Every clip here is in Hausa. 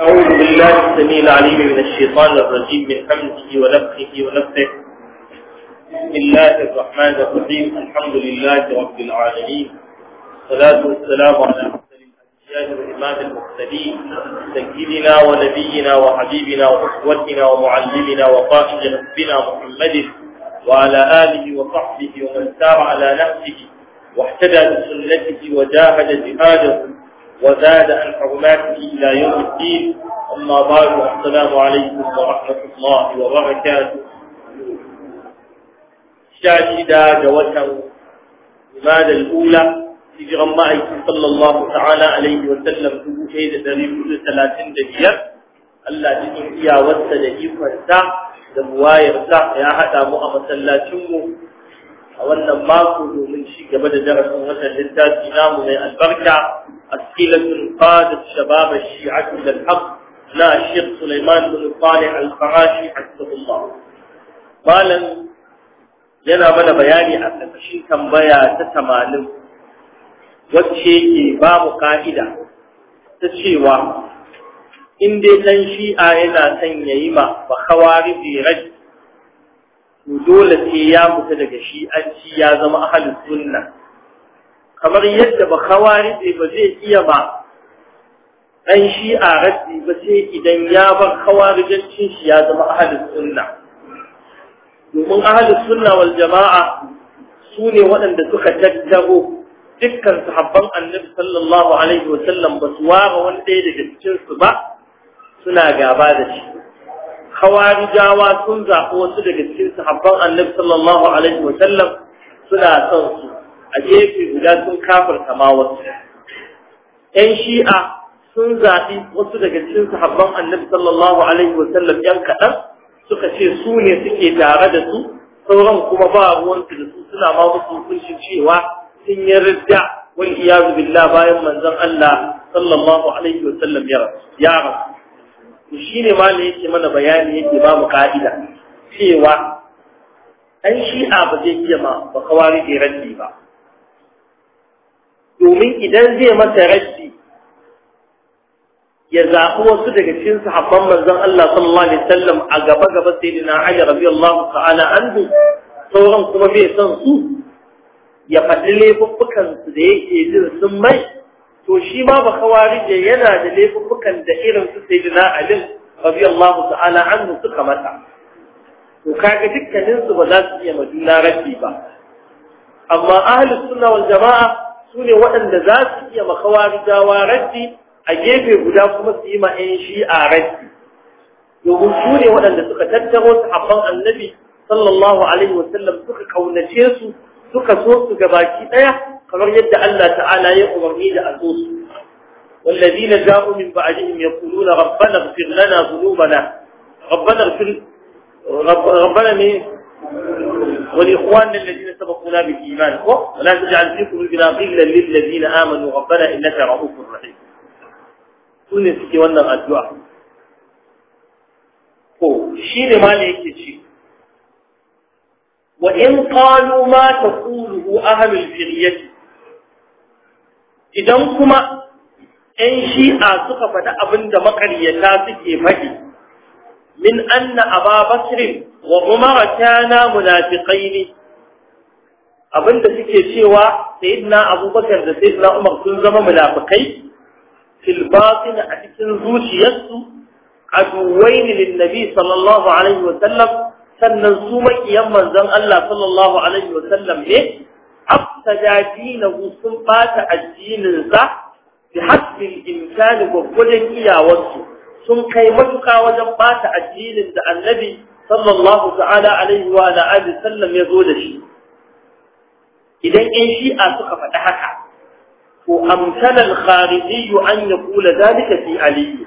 أعوذ بالله السميع العليم من الشيطان الرجيم من حمده ونفخه ونفخه بسم الله الرحمن الرحيم الحمد لله رب العالمين الصلاة والسلام على أفضل الأنبياء وإمام المرسلين سيدنا ونبينا وحبيبنا وأخوتنا ومعلمنا وقائد ربنا محمد وعلى آله وصحبه ومن سار على نفسه واحتدى بسنته وجاهد جهاده وزاد عن حرماته إلى يوم الدين أما بعد السلام عليكم ورحمة الله وبركاته شاهد جوته لماذا الأولى في غمائك صلى الله تعالى عليه وسلم تبوحيد دريب ثلاثين دبيا Allah cikin iyawarsa da ikonsa da buwayarsa ya haɗa mu a masallacinmu a wannan mako domin ci gaba da darasin wannan littafi namu mai albarka أسئلة قادت شباب الشيعة إلى الحق لا الشيخ سليمان بن صالح الفراشي حسبه الله قال yana mana bayani a ƙarƙashin tambaya ta tamanin wacce ke ba mu ka'ida ta cewa in dai ɗan shi'a yana son ya yi ma ba kawari birai to dole sai ya fita daga shi'anci ya zama ahalin sunna kamar yadda ba kawari ba zai iya ba ɗan a raddi ba sai idan ya bar kawarijancin shi ya zama ahalin sunna domin ahalin sunna wal jama'a su ne waɗanda suka tattaro dukkan sahabban annabi sallallahu alaihi sallam ba su ware wani ɗaya daga cikinsu ba suna gaba da shi Kawari kawarijawa sun zaɓi wasu daga cikin sahabban annabi sallallahu alaihi sallam suna son su a gefe guda sun kafarta ma wasu Ƴan shi'a sun zaɓi wasu daga cikin sahabban annabi sallallahu alaihi wa sallam ‘yan kaɗan suka ce su ne suke tare da su sauran kuma ba ruwansu da su suna ma musu hukuncin cewa sun yi ridda wal iyazu billah bayan manzon Allah sallallahu alaihi wasallam ya ya rasu shi ne ma ne yake mana bayani yake ba mu ka'ida cewa an shi'a ba zai iya ma ba kawari da raddi ba domin idan zai mata rashi ya zaɓi wasu daga cikin sahabban manzon Allah sallallahu alaihi wasallam a gaba gaba sai dina Ali radiyallahu ta'ala anhu sauran kuma bai san su ya faɗi laifuffukan su da yake jin sun mai to shi ma ba da yana da laifuffukan da irin su sai dina Ali radiyallahu ta'ala anhu suka mata to kaga dukkaninsu ba za su iya majuna rabbi ba amma ahlus sunna wal jama'a su ne waɗanda za su iya makawa dawa raddi a gefe guda kuma su yi ma 'yan shi'a raddi domin su ne waɗanda suka tattaro sahabban annabi sallallahu alaihi suka kaunace su suka so su gabaki ɗaya kamar yadda Allah ta'ala ya umarni da a so su والذين جاءوا من بعدهم يقولون ربنا اغفر لنا ذنوبنا ربنا اغفر ربنا مين ولإخواننا الذين سبقونا بالإيمان ولا تجعل فيكم إلا قلا للذين آمنوا ربنا إنك رؤوف رحيم sun ne suke wannan addu’a. Ko, shi ne ma ce, wa in kalu ma ta kuluhu a hamil idan kuma ‘yan shi’a suka faɗi abinda da makaryata suke faɗi, min an na a ba wa umara kana munafiqai ne abinda suke cewa sayyidina abubakar da sayyidina umar sun zama munafikai fil batin a cikin zuciyarsu aduwaini lin nabi sallallahu alaihi wa sallam sannan su makiyan manzon Allah sallallahu alaihi wa sallam ne afsaja dinahu sun bata za, bi hasbil insani gwaggwajen iyawarsu sun kai matuka wajen bata addinin da annabi صلى الله تعالى عليه وعلى آله وسلم يقول لي إذا أي شيء أسقى فتحك وأمكن الخارجي أن يقول ذلك في علي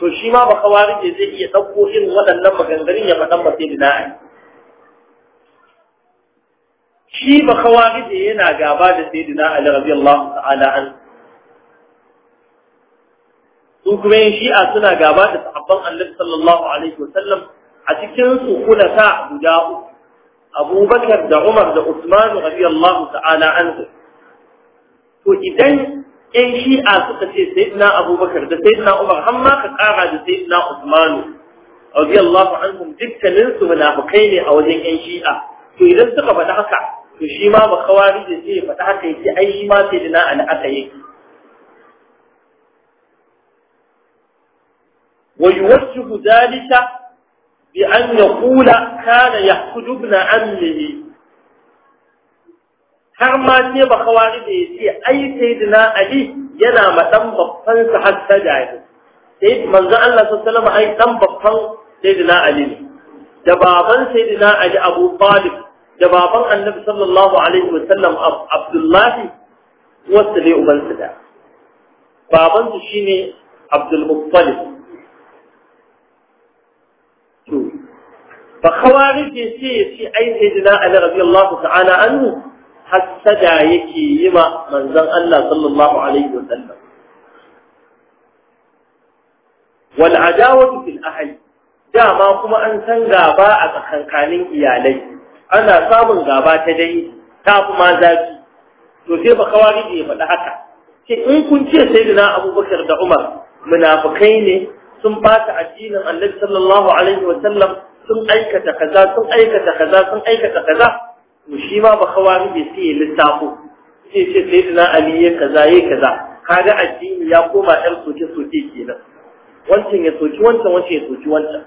فشي ما بخوارج يزيد يتوقع إن غدا لما غندرين يبقى ما في بنائي شي بخوارج هنا قابل سيدنا علي رضي الله تعالى عنه su kuma shi a suna gaba da sahabban Allah sallallahu alaihi a cikin su ta guda uku abubakar da umar da usman radiyallahu ta'ala anhu to idan ƴan shi'a suka ce sayyidina abubakar da sayyidina umar har ma ka kara da sayyidina usman radiyallahu anhum dukkanin su munafikai ne a wajen ƴan shi'a to idan suka faɗa haka to shi ma ba kawari da zai faɗa haka yace ai shi ma sayyidina an aka yi ويوجه ذلك بأن يقول كان يحقد ابن عمه har ma ce ba kawari da ya ce ai sayyidina ali yana ma dan babban sa hatta da ne sai manzo Allah sallallahu alaihi wasallam ai dan babban sayyidina ali ne da baban sayyidina ali Abu Talib da baban Annabi sallallahu alaihi wasallam Abdullahi wasu ne uban da baban su shine Abdul Muttalib فخوارج يسي في أي سيدنا علي رضي الله تعالى عنه حسدا يكي ma من زن الله صلى الله عليه وسلم والعداوة في الأهل dama kuma an san gaba a tsakankanin iyalai ana samun gaba ta dai ta kuma zafi to ba kawari da ya faɗi haka ce in kun ce sai na abubakar da umar munafukai ne sun bata addinin annabi sallallahu alaihi wa sallam sun aikata kaza sun aikata kaza sun aikata kaza to shi ma ba kawari bai sai lissafo sai ce sai dina ali ya kaza ya kaza kaga addini ya koma ɗan soke soke kenan wancan ya soki wancan wancan ya soki wancan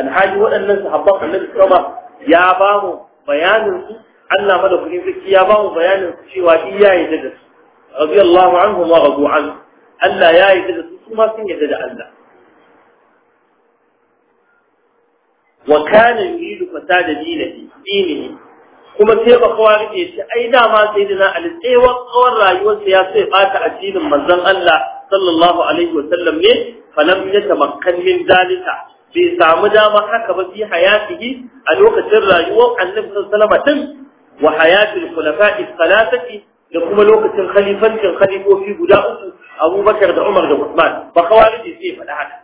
alhaji waɗannan sahabban annabi sama ya ba mu bayanin su Allah madaukakin sarki ya ba mu bayanin su cewa iyaye da su radiyallahu anhu wa radu anhu Allah ya yi da su kuma sun yadda da Allah wa kana yuridu fasada dinihi dinihi kuma sai ba kowa rike shi ai dama sai dana alƙewar kawar rayuwarsa ya sai bata addinin manzon Allah sallallahu alaihi wa sallam ne falam yatamakkan min dalika bai samu dama haka ba fi hayatihi a lokacin rayuwar annabi sallallahu alaihi wa hayatul khulafa'i thalathati da kuma lokacin khalifancin khalifofi guda uku Abubakar da Umar da Usman, ba kawai sai faɗa haka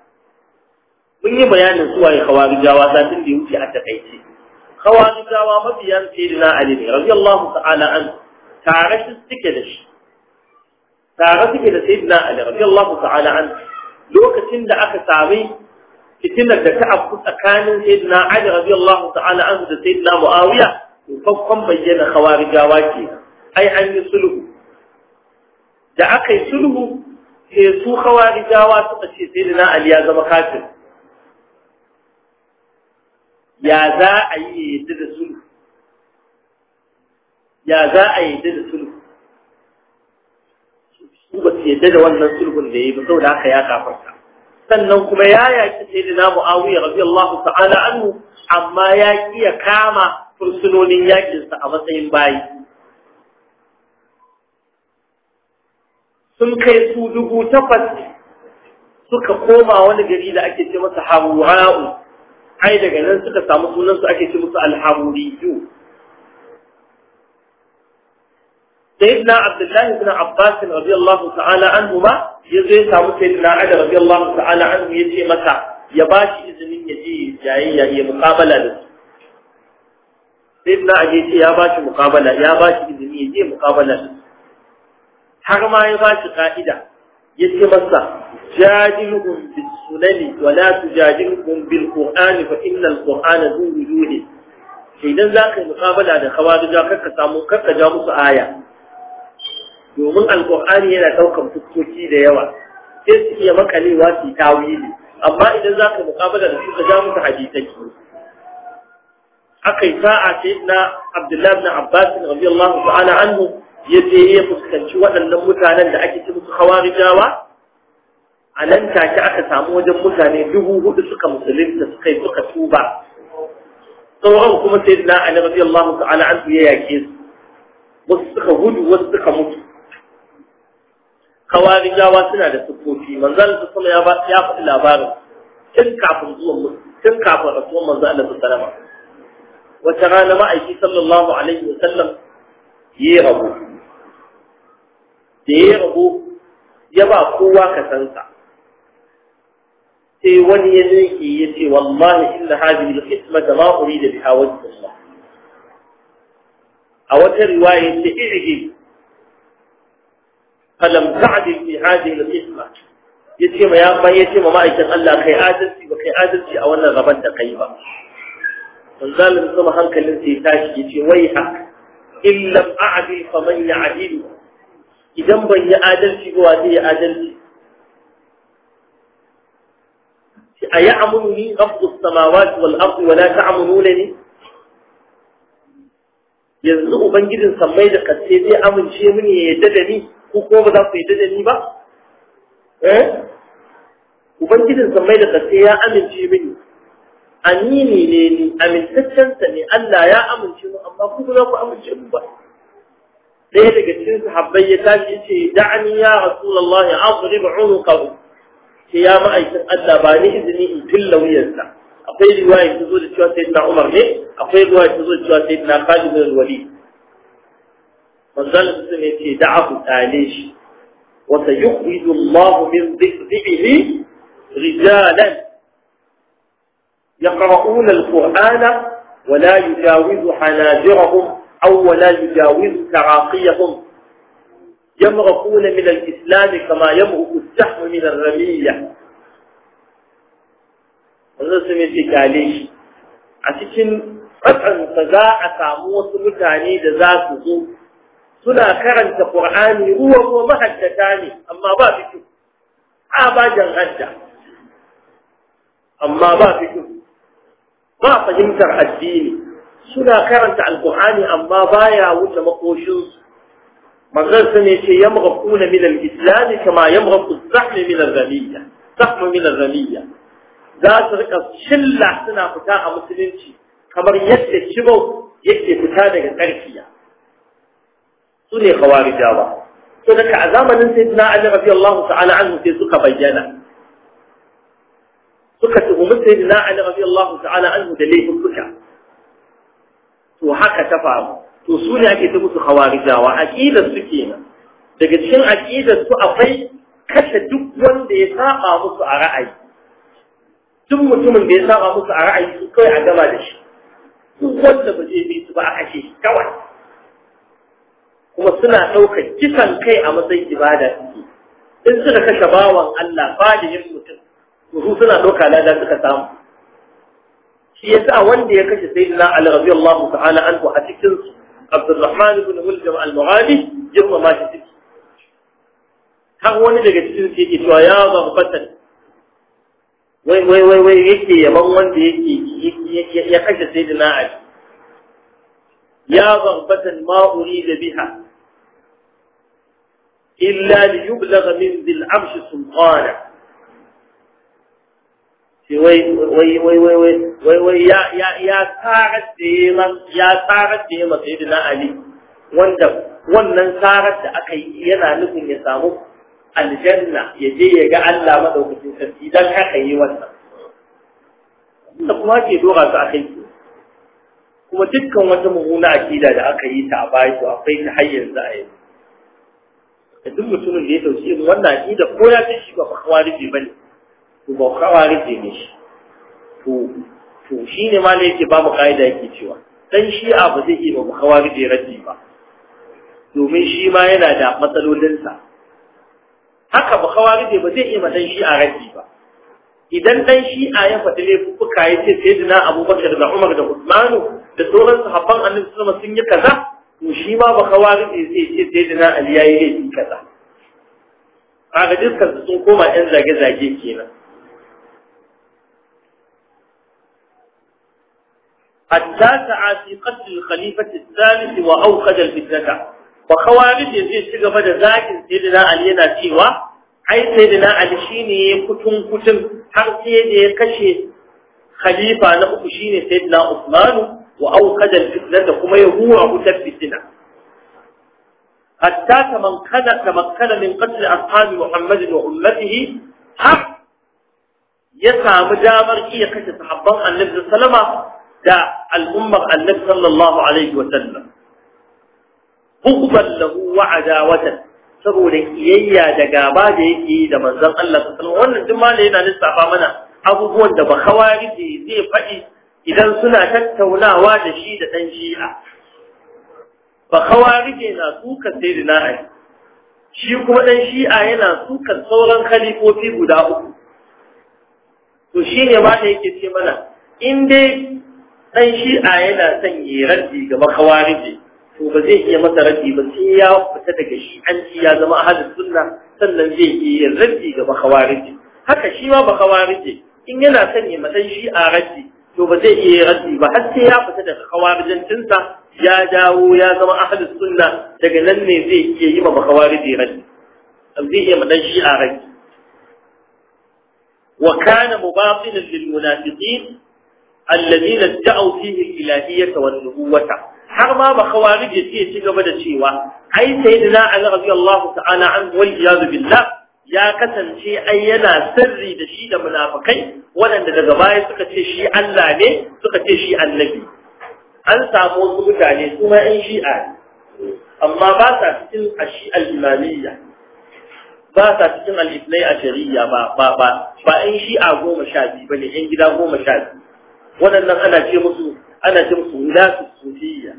mun yi bayanin kawari jawa satin da ya wuce a takaice khawarijawa mabiyan na ali ne radiyallahu ta'ala an tare su suke da shi tare suke da sayyidina ali radiyallahu ta'ala an lokacin da aka sami fitinar da ta afku tsakanin na ali radiyallahu ta'ala an da na muawiya farkon bayyana jawa ke ai an yi sulhu da aka yi sulhu sai su jawa suka ce na ali ya zama kafin. ya za a yi yadda da sulhu ya za a yadda da sulhu su ba su yadda da wannan sulhun da ya yi ba saboda haka ya kafarta sannan kuma ya yaƙi sai da namu ya rabi Allah ta'ala anhu amma ya ƙi ya kama fursunonin yaƙinsa a matsayin bayi sun kai su dubu takwas suka koma wani gari da ake ce masa hawra'u ai daga nan suka samu sunansu ake su ce musu alhamuriyu sayyidina abdullahi bin abbas radiyallahu ta'ala anhu ma yazo ya samu sayyidina ali radiyallahu ta'ala anhu ya ce masa ya bashi izinin ya je jayayya ya muqabala da su sayyidina ali ce ya bashi muqabala ya bashi izini ya je muqabala da su har ma ya bashi ka'ida yake masa jadilhum bis sunani wa la tujadilhum bil qur'ani fa innal qur'ana zu sai dan zaka muqabala da khawarija kakka samu kakka ja musu aya domin alqur'ani yana daukan fuskoki da yawa sai su iya makalewa su tawili amma idan zaka muqabala da su ka ja musu hadisi akai sa'a sayyidina abdullahi ibn abbas radiyallahu ta'ala anhu ya je ya fuskanci waɗannan mutanen da ake cikin hawarijawa a nan take aka samu wajen mutane dubu hudu suka musulunta suka yi suka tuba sauran kuma sai na ali radiyallahu ta'ala an ya yake su wasu suka gudu wasu suka mutu hawarijawa suna da sufofi manzon su sama ya ya faɗi labarin tun kafin zuwan tun kafin rasuwan manzon Allah sallallahu alaihi wasallam wata rana ma'aiki sallallahu alaihi wasallam yi rabu da ya rabu ya ba kowa ka san sa sai wani ya nake ya ce wallahi inna hadhihi al da ma urida biha wajh Allah a wata riwaya ce irgi falam ta'dil fi hadhihi al hikma yace ma ya ban yace ma ma'aikin Allah kai adalci ba kai adalci a wannan gaban da kai ba dan manzalin kuma hankalinsa ya tashi yace wai ha illa lam a'dil fa man ya'dil idan ban yi adalci ba zai yi adalci a yi amunu ni rabu samawati wal ardu wala ta'amunu ne yanzu ubangijin sammai da kace zai amince mini ya yadda da ni ko ko ba za ku yadda da ni ba eh ubangijin sammai da kace ya amince mini ni ne ni amintaccen sa ne Allah ya amince mu amma ku ba za ku amince mu ba ليه بكتير حبي تاجي دعني يا رسول الله أضرب عنقه يا ما أتباني إذني كل ويانا أقول واي تزود شو سيدنا عمر لي أقول واي تزود شو سيدنا خالد بن الوليد فزال سمي في دعوة عليش وسيخرج الله من ذكره رجالا يقرؤون القرآن ولا يجاوز حناجرهم أو ولا يجاوز تراقيهم يمرقون من الإسلام كما يمرق السحم من الرمية wannan sun yi kyale shi a cikin tsatsansa za a samu wasu mutane da za su zo suna karanta ƙur'ani ruwa ko mahaddata ne amma ba fito a ba jan hadda amma ba ba fahimtar addini suna karanta alkur'ani amma baya wuce makoshin manzon sa ne ce yamraquna min al-islam kama yamraqu az-zahm min al-ghamiyya zahm min al-ghamiyya za su rika shilla suna fita a musulunci kamar yadda kibau yake fita daga tsarkiya su ne khawarijawa to daga a zamanin sayyidina ali radiyallahu ta'ala anhu sai suka bayyana suka tuhumi sayyidina ali radiyallahu ta'ala anhu da laifin suka to haka ta faru to su ne ake ta musu hawarijawa aqidar su kenan daga cikin aqidar su akwai kashe duk wanda ya saba musu a ra'ayi duk mutumin da ya saba musu a ra'ayi su kawai a gama da shi duk wanda ba zai bi su ba a kashe kawai kuma suna ɗaukar kisan kai a matsayin ibada suke in suka kashe bawan Allah ba yin mutum su suna ɗauka ladan suka samu shi yasa wanda ya kashe sayyidina Ali radiyallahu ta'ala anhu a cikin su Abdurrahman ibn Muljam al-Mughadi jirma ma shi ciki har wani daga cikin su yake cewa ya zabatan wai wai wai wai yake yaban wanda yake ya kashe sayyidina Ali ya zabatan ma urida biha illa liyublagha min dhil 'arsh sultana wai wai wai wai wai wai wai ya ya ya sarar da ya ya sarar da ya ali wanda wannan sarar da aka yi yana nufin ya samu aljanna ya je ya ga Allah madaukakin sarki idan haka yi wannan da kuma ke dora su akai kuma dukkan wata mummuna akida da aka yi ta a baya to akwai ta har yanzu a yanzu da duk mutumin da ya dauki irin wannan akida ko ya ce shi ba kwawa rufe ne? to ba da ne shi to to ne ma ne yake ba mu kaida yake cewa dan shi a ba zai iya ba khawarije raddi ba domin shi ma yana da matsalolinsa haka ba da ba zai iya ma dan shi a raddi ba idan dan a ya faɗi laifuka ya ce sai dina abubakar da umar da usmanu da sauran sahabban annabi sallama sun yi kaza to shi ma ba kawari ne zai ce sai dina ali yayi ne kaza kaga dukkan sun koma ɗan zage-zage kenan التاسعة في قتل الخليفة الثالث وأوقد الفتنة وخوارج يزيد شغب ذاك سيدنا علي yana cewa ai sayyidina ali shine kutun kutun har sai da ya kashe khalifa na uku shine sayyidina Usman wa auqad al-fitnata kuma ya huwa wutar fitina hatta kaman kana tamakkana min qatl ashabi Muhammad wa ummatihi har ya samu damar iya kashe sahabban Annabi da al'ummar annabi sallallahu alaihi wa sallam bughdan lahu wa watan, saboda kiyayya da gaba da yake da manzon Allah sallallahu alaihi wannan duk malai yana lissafa mana abubuwan da bakhawariji zai faɗi idan suna tattaunawa da shi da dan shi'a bakhawariji na suka sayyidina Ali shi kuma ɗan shi'a yana sukan sauran kalifofi guda uku to shi ne ma da yake ce mana in dai dan shi'a yana son yi raddi ga makawarije to ba zai iya masa raddi ba sai ya fita daga shi'anci ya zama ahli sunna sannan zai iya raddi ga makawarije haka shi ma makawarije in yana son yi shi shi'a raddi to ba zai iya raddi ba har sai ya fita daga kawarijancinsa ya dawo ya zama ahli sunna daga nan ne zai iya yi ma makawarije raddi zai iya matan shi'a raddi وكان مباطنا للمنافقين allazina da'u fihi al-ilahiyyata wan nubuwata har ma ba khawarij ce ci gaba da cewa ai sayyidina ali radiyallahu ta'ala an wal iyad billah ya kasance ai yana sirri da shi da munafikai waɗanda daga baya suka ce shi Allah ne suka ce shi annabi an samu wasu mutane su ma ƴan shi'a amma ba sa cikin ashi'al imamiyya ba sa cikin al-ithnai ashariya ba ba ba ba ƴan shi'a goma sha biyu bane ƴan gida goma sha biyu waɗannan ana ce musu ana ce musu wulatu sufiyya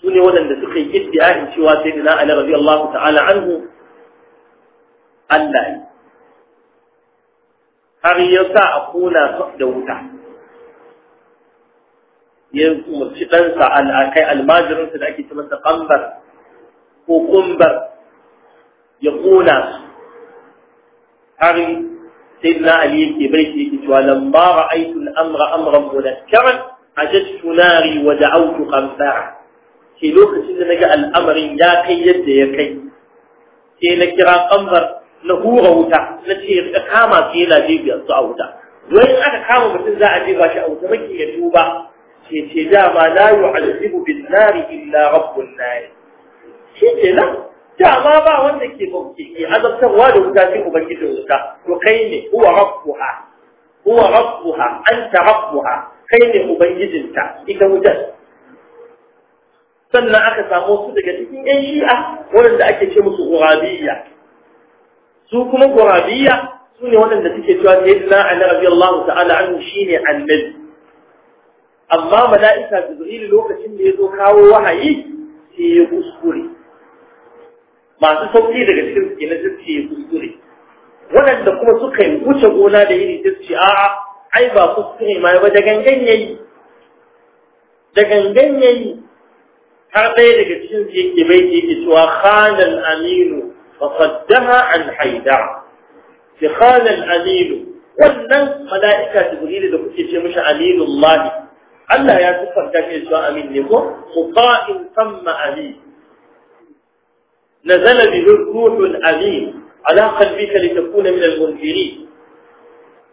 su ne waɗanda suka yi iddiahin cewa sai dina ali Allah ta'ala anhu Allah har ya sa a kona da wuta ya umarci ɗansa al'akai almajirinsa da ake ce masa ƙambar ko kumbar ya kona su har سيدنا علي يكي بيتي ولما رأيت الأمر أمرا منكرا عجزت ناري ودعوت قنفاعا في لوكة نجا الأمر يا كي يد يا كي sai na kira ƙambar na hura wuta na ce ka kama su yana jibiyar su a wuta wani aka kama mutum za a jefa shi a wuta maki ya tuba ke ce dama la yu'azzibu bin ma ba wanda ke bauke ke azabtarwa da wuta sai ubangijin wuta to kai ne huwa rabbuha huwa rabbuha anta rabbuha kai ne ubangijinta ita wutar sannan aka samu su daga cikin yan shi'a waɗanda ake ce musu gurabiyya su kuma gurabiyya su ne waɗanda suke cewa sayyidina ali radiyallahu ta'ala anhu shine annabi amma mala'ika jibril lokacin da ya zo kawo wahayi sai ya kuskure masu sauki daga cikin su kenan sai kuskure waɗanda kuma suka yi wuce gona da iri sai su a'a ai ba kuskure ma ba da gangan yayi da gangan yayi har ɗaya daga cikin su yake bai yake cewa khanal aminu faqaddaha an haida fi khanal aminu wannan mala'ika jibrilu da kuke ce mishi aminullahi Allah ya siffanta shi da cewa amin ne ko mutain samma Aminu. نزل به الروح الأمين على قلبك لتكون من المنكرين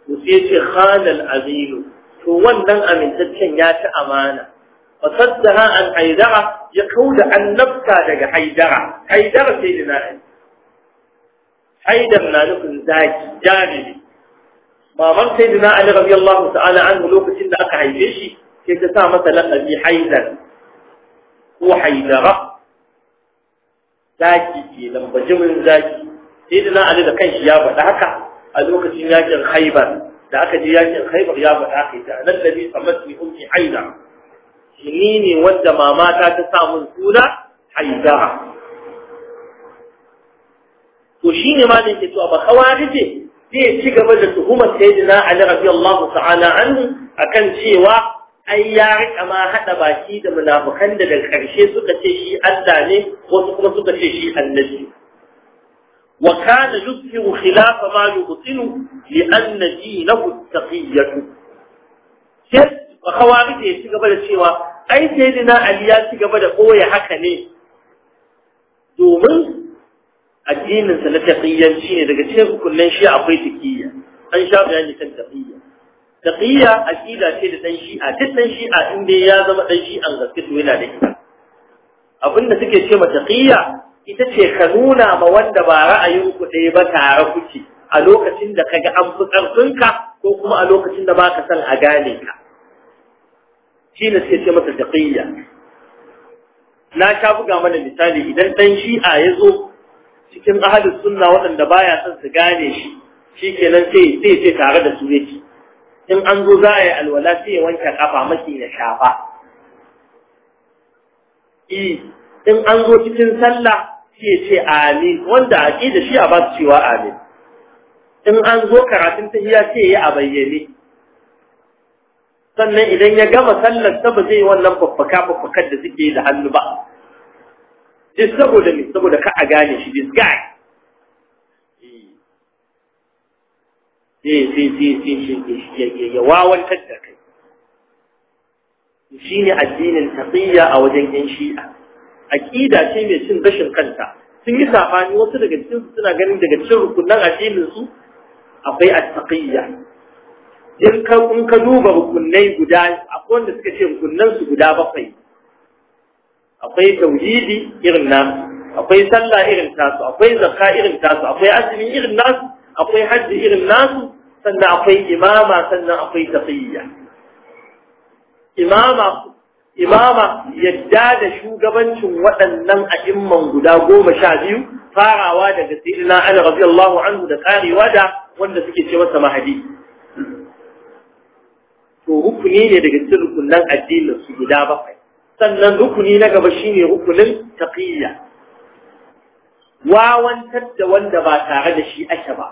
وسيتي خان الأمين من أمن تتشنيات أمانة وصدها عن حيدرة يقول عن نفسها لك حيدرة حيدرة سيدنا حيدر ما نكون ذاك جانبي ما من سيدنا علي رضي الله تعالى عنه لوكس سيدنا أقعي بشي كيف تسامة لك حيدر وحيدرة zaki ke nan zaki sai da na ali da kanshi ya faɗa haka a lokacin yakin haibar da aka je yakin haibar ya faɗa haka ita nan da bi samatni ummi haida ni ne wanda mama ta ta sa mun suna haida to shine ma ne ke to ba kawarije zai ci gaba da tuhumar sayyidina ali radiyallahu ta'ala anhu akan cewa ai ya rika ma hada baki da munafukan da daga karshe suka ce shi Allah ne wasu kuma suka ce shi annabi wa kana yuzhiru khilaf ma yubtinu li anna dinahu taqiyatu sai khawarij ya ci gaba da cewa ai na ali ya ci gaba da koya haka ne domin addinin sa na taqiyyanci ne daga cikin rukunin shi akwai taqiyya an sha bayani kan taqiyya taqiyya aqida ce da dan shi'a duk dan shi'a in dai ya zama dan shi'an gaske to yana da ita abinda suke ce ma taqiyya ita ce ka nuna ma wanda ba ra'ayin ku ɗaya ba tare kuke a lokacin da kaga an fi ƙarfinka ko kuma a lokacin da baka san a gane ka ne suke ce masa taqiyya na sha buga mana misali idan dan shi'a ya zo cikin ahalin sunna waɗanda baya son su gane shi shikenan sai sai ce tare da su yake in an zo za a yi alwala sai ya wanke kafa maki ya shafa E, in an zo cikin sallah sai ya ce amin wanda a da shi a ba cewa amin in an zo karatun tahiyya sai ya yi a bayyane sannan idan ya gama sallar ta ba zai wannan faffaka faffakar da suke da hannu ba duk saboda me saboda ka a gane shi this guy ya wawantar da kai shi ne addinin taƙiyya a wajen yan shi'a aƙida ce mai cin gashin kanta sun yi safani wasu daga cikin suna ganin daga cikin rukunan addinin su akwai at-taqiyya in ka in ka duba rukunai guda akwai wanda suka ce rukunan su guda bakwai akwai tauhidi irin nasu akwai sallah irin tasu akwai zakka irin tasu akwai azumi irin nasu akwai hajji irin nasu sannan akwai imama sannan akwai tafiya. imama imama yadda da shugabancin waɗannan a'imman guda goma sha biyu farawa daga sayyidina Ali radiyallahu anhu da karewa da wanda suke ce masa mahadi to rukuni ne daga cikin rukunan addinin su guda bakwai sannan rukuni na gaba shine rukunin taqiyya wawantar da wanda ba tare da shi ake ba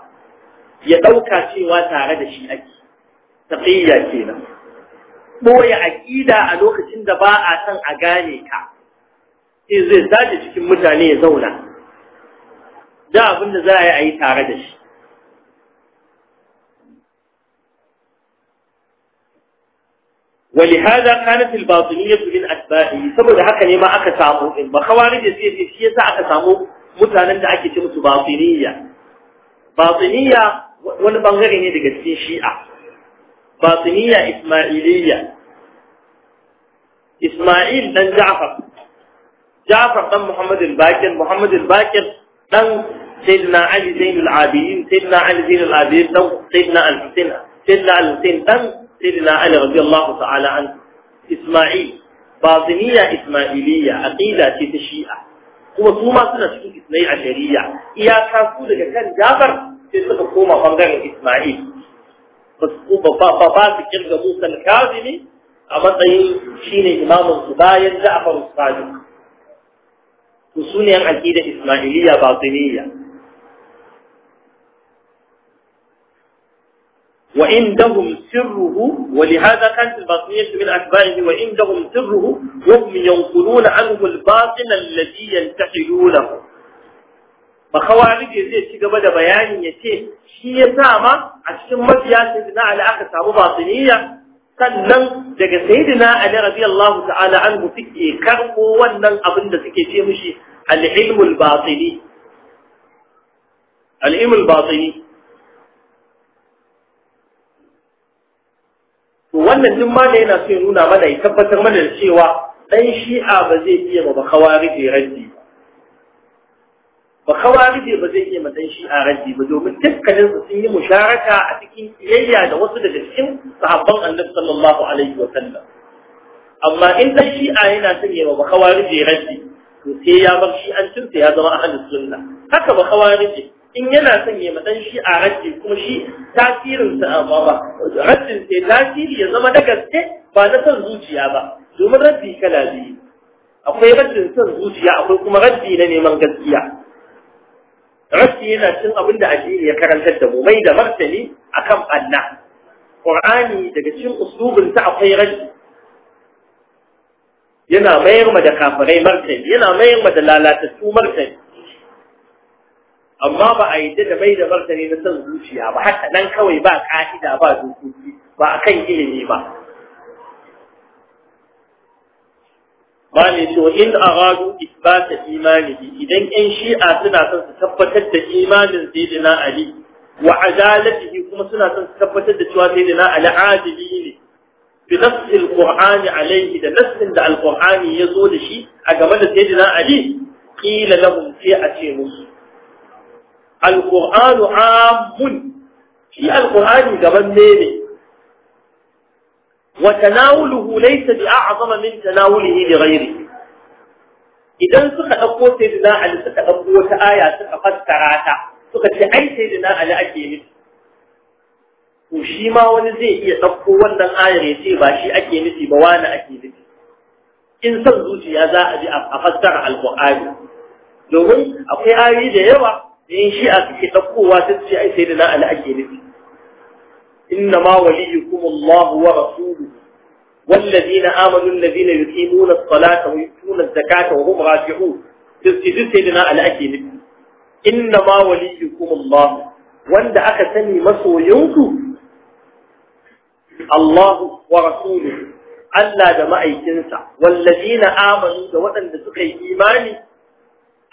ya ɗauka cewa tare da shi ake taƙiyya kenan ɓoye aƙida a lokacin da ba a san a gane ka sai zai zaje cikin mutane ya zauna da abin da za a yi a yi tare da shi ولهذا كانت الباطنية من أتباعه سبب هكا نما أكا سامو بخوارج يسير يسير أكا سامو متانا دا أكي su باطنية باطنية wani bangare ne daga cikin shi'a Ba batiniya ismailiyya ismail dan ja'far ja'far dan muhammad al-bakir muhammad al-bakir dan sayyidina ali zainul abidin sayyidina ali zainul abidin dan sayyidina al-husain sayyidina al-husain dan sayyidina ali radiyallahu ta'ala an ismail batiniya ismailiyya aqida ce ta shi'a kuma su ma suna cikin ismail a shari'a daga kan jafar كيف حكومة فنغان إسماعيل فسقوبة فافات كرغة موسى الكاظمي أمتى يشين إمام الزباية جعفر الصادق تسوني عقيدة إسماعيلية باطنية وعندهم سره ولهذا كانت الباطنية من أكبائه وعندهم سره وهم ينقلون عنه الباطن الذي ينتحلونه ne zai ci gaba da bayanin ya ce shi ya sa ma a cikin mafiya sayyidina ali aka samu batiniya sannan daga sayyidina ali radiyallahu ta'ala an mu fike karɓo wannan abin da suke ce mishi al-ilmul batini al-ilmul batini wannan duk ma da yana so ya nuna mana ya tabbatar mana da cewa dan shi'a ba zai iya ba bakawari da raddi ba kawarije ba zai iya matsayin shi a raddi ba domin dukkanin su sun yi musharaka a cikin kiyayya da wasu daga cikin sahabban annabi sallallahu alaihi wa sallam amma in dan shi'a yana son yawa ba kawarije raddi to sai ya bar shi an cinta ya zama ahlus sunna haka ba kawarije in yana son yawa dan shi'a raddi kuma shi tasirin sa amma ba raddin sai tasiri ya zama da gaske ba na son zuciya ba domin raddi kala biyu akwai raddin son zuciya akwai kuma rabbi na neman gaskiya rasi yana cin abin da addini ya karantar da mu mai da martani akan Allah Qur'ani daga cikin uslubin ta akwai rasi yana mayar ma da kafirai martani yana mayar ma da lalatattu martani amma ba a yadda da mai da martani na son zuciya ba haka nan kawai ba ka'ida ba dokoki ba akan ilimi ba ba ne cewa in aradu isbata imanihi idan yan shi'a suna son su tabbatar da imanin sayyidina ali wa adalatihi kuma suna son su tabbatar da cewa sayyidina ali adili ne bi nassi alqur'ani alayhi da nassin da alqur'ani yazo da shi a game da sayyidina ali qila lahum fi ce musu alqur'anu amun shi alqur'ani gaban ne وتناوله ليس بأعظم من تناوله لغيره idan suka ɗauko sai da Ali suka ɗauko wata aya suka fassara ta suka ce ai sai da Ali ake nufi to shi ma wani zai iya ɗauko wannan ayar ya ce ba shi ake nufi ba wani ake nufi in son zuciya za a ji a fassara alƙur'ani domin akwai ayoyi da yawa da yin shi'a suke ɗaukowa sai su ce ai sai da Ali ake nufi إنما وليكم الله ورسوله والذين آمنوا الذين يقيمون الصلاة ويؤتون الزكاة وهم راجعون تسجد سيدنا الأكي نبي إنما وليكم الله وند أكتني مسوينكم الله ورسوله ألا دمأي تنسى والذين آمنوا وأن تقي إيماني